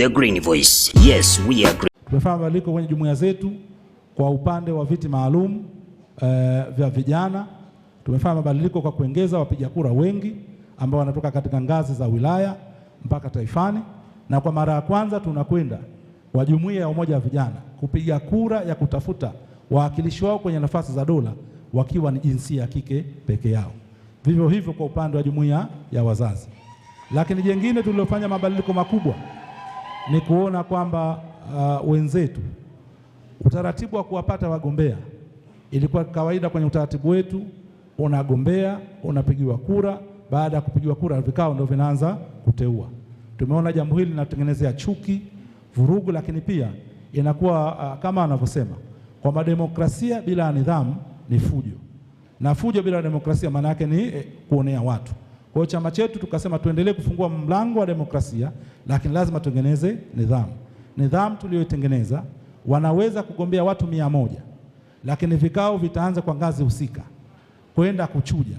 The Green Voice. Yes, we agree. Tumefanya mabadiliko kwenye jumuiya zetu kwa upande wa viti maalum uh, vya vijana. Tumefanya mabadiliko kwa kuongeza wapiga kura wengi ambao wanatoka katika ngazi za wilaya mpaka taifani, na kwa mara ya kwanza tunakwenda wa jumuiya ya umoja wa vijana kupiga kura ya kutafuta wawakilishi wao kwenye nafasi za dola wakiwa ni jinsia ya kike peke yao. Vivyo hivyo kwa upande wa jumuiya ya wazazi. Lakini jengine tulilofanya mabadiliko makubwa ni kuona kwamba uh, wenzetu utaratibu wa kuwapata wagombea ilikuwa kawaida kwenye utaratibu wetu, unagombea unapigiwa kura, baada ya kupigiwa kura vikao ndio vinaanza kuteua. Tumeona jambo hili linatengenezea chuki, vurugu, lakini pia inakuwa uh, kama wanavyosema kwamba demokrasia bila nidhamu ni fujo na fujo bila demokrasia maana yake ni eh, kuonea watu. Kwa chama chetu tukasema tuendelee kufungua mlango wa demokrasia, lakini lazima tutengeneze nidhamu. Nidhamu tuliyoitengeneza, wanaweza kugombea watu mia moja, lakini vikao vitaanza kwa ngazi husika kwenda kuchuja,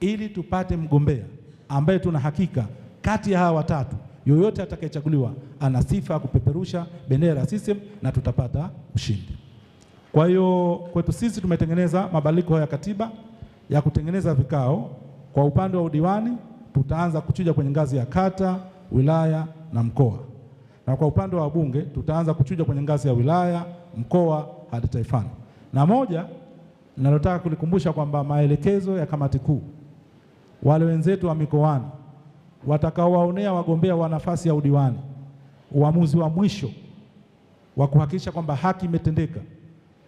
ili tupate mgombea ambaye tuna hakika kati ya hawa watatu yoyote atakayechaguliwa ana sifa ya kupeperusha bendera ya CCM na tutapata ushindi. Kwa hiyo kwetu sisi tumetengeneza mabadiliko ya katiba ya kutengeneza vikao kwa upande wa udiwani tutaanza kuchuja kwenye ngazi ya kata, wilaya na mkoa, na kwa upande wa wabunge tutaanza kuchuja kwenye ngazi ya wilaya, mkoa hadi taifani. Na moja ninalotaka kulikumbusha kwamba maelekezo ya kamati kuu, wale wenzetu wa mikoani watakaowaonea wagombea wa nafasi ya udiwani uamuzi wa mwisho wa kuhakikisha kwamba haki imetendeka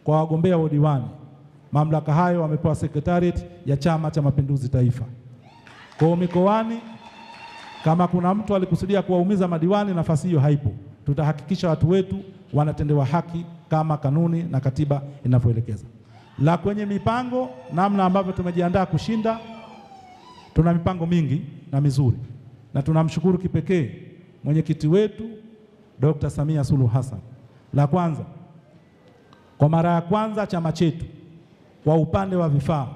kwa wagombea wa udiwani Mamlaka hayo wamepewa sekretariat ya Chama cha Mapinduzi Taifa. Kwa mikoani, kama kuna mtu alikusudia kuwaumiza madiwani, nafasi hiyo haipo. Tutahakikisha watu wetu wanatendewa haki kama kanuni na katiba inavyoelekeza. La kwenye mipango, namna ambavyo tumejiandaa kushinda, tuna mipango mingi na mizuri, na tunamshukuru kipekee mwenyekiti wetu Dr. Samia Suluhu Hassan. La kwanza, kwa mara ya kwanza chama chetu kwa upande wa vifaa,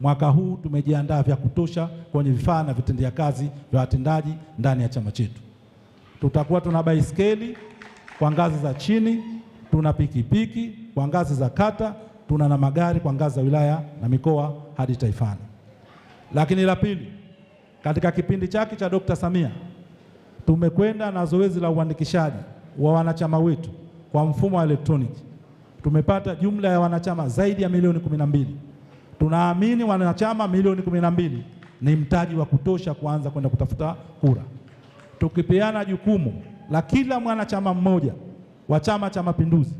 mwaka huu tumejiandaa vya kutosha kwenye vifaa na vitendea kazi vya watendaji ndani ya chama chetu. Tutakuwa tuna baiskeli kwa ngazi za chini, tuna pikipiki kwa ngazi za kata, tuna na magari kwa ngazi za wilaya na mikoa hadi taifani. Lakini la pili, katika kipindi chake cha Dkt. Samia tumekwenda na zoezi la uandikishaji wa wanachama wetu kwa mfumo wa elektroniki tumepata jumla ya wanachama zaidi ya milioni kumi na mbili. Tunaamini wanachama milioni kumi na mbili ni mtaji wa kutosha kuanza kwenda kutafuta kura. Tukipeana jukumu la kila mwanachama mmoja wa Chama cha Mapinduzi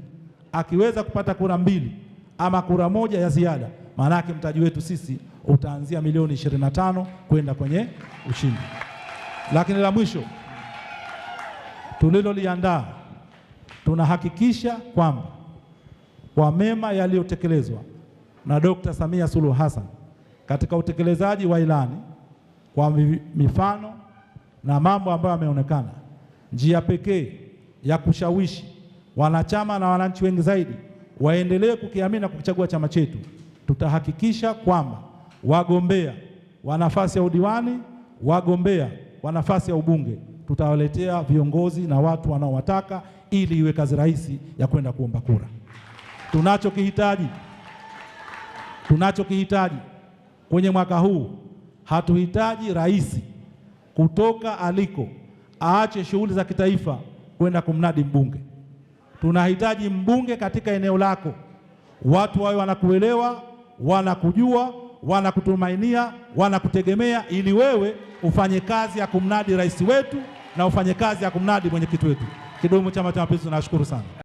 akiweza kupata kura mbili ama kura moja ya ziada, maanake mtaji wetu sisi utaanzia milioni 25 kwenda kwenye ushindi. Lakini la mwisho tuliloliandaa, tunahakikisha kwamba kwa mema yaliyotekelezwa na Dkt. Samia Suluhu Hassan katika utekelezaji wa ilani kwa mifano na mambo ambayo yameonekana, njia pekee ya kushawishi wanachama na wananchi wengi zaidi waendelee kukiamini na kukichagua chama chetu, tutahakikisha kwamba wagombea wa nafasi ya udiwani, wagombea wa nafasi ya ubunge tutawaletea viongozi na watu wanaowataka, ili iwe kazi rahisi ya kwenda kuomba kura. Tunachokihitaji, tunachokihitaji kwenye mwaka huu, hatuhitaji rais kutoka aliko aache shughuli za kitaifa kwenda kumnadi mbunge. Tunahitaji mbunge katika eneo lako, watu wawe wanakuelewa, wanakujua, wanakutumainia, wanakutegemea, ili wewe ufanye kazi ya kumnadi rais wetu na ufanye kazi ya kumnadi mwenyekiti wetu. Kidumu Chama cha Mapinduzi! Tunashukuru sana.